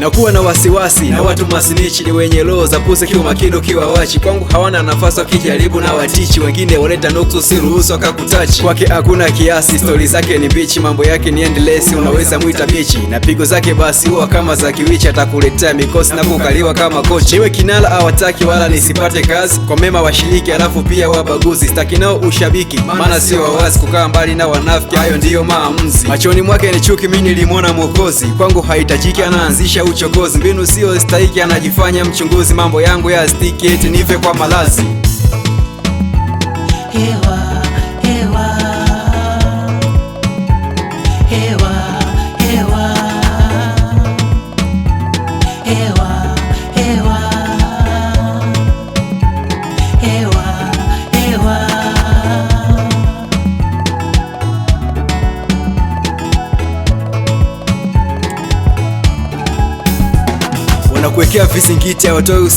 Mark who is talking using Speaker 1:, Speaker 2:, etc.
Speaker 1: nakuwa na wasiwasi na watu masinichi, ni wenye roho za puse, kiwa makini ukiwa wachi. Kwangu hawana nafasi, wakijaribu na watichi wengine waleta nuksu, usiruhusu akakutachi. Kwake hakuna kiasi, stori zake ni bichi, mambo yake ni endless, unaweza mwita bichi na pigo zake basi huwa kama za kiwichi, atakuletea mikosi na kukaliwa kama kochi. Niwe kinala awataki wala nisipate kazi, kwa mema washiriki, alafu pia wabaguzi, staki nao ushabiki, maana sio wawazi kukaa mbali na wanafiki, hayo ndiyo maamuzi. Machoni mwake ni chuki, mimi nilimwona mwokozi, kwangu haitajiki, anaanzisha uchokozi, mbinu sio stahiki, anajifanya mchunguzi, mambo yangu ya stiki, eti nife kwa malazi hewa, hewa. Hewa, hewa. Hewa.
Speaker 2: kuwekea visingiti hawatoi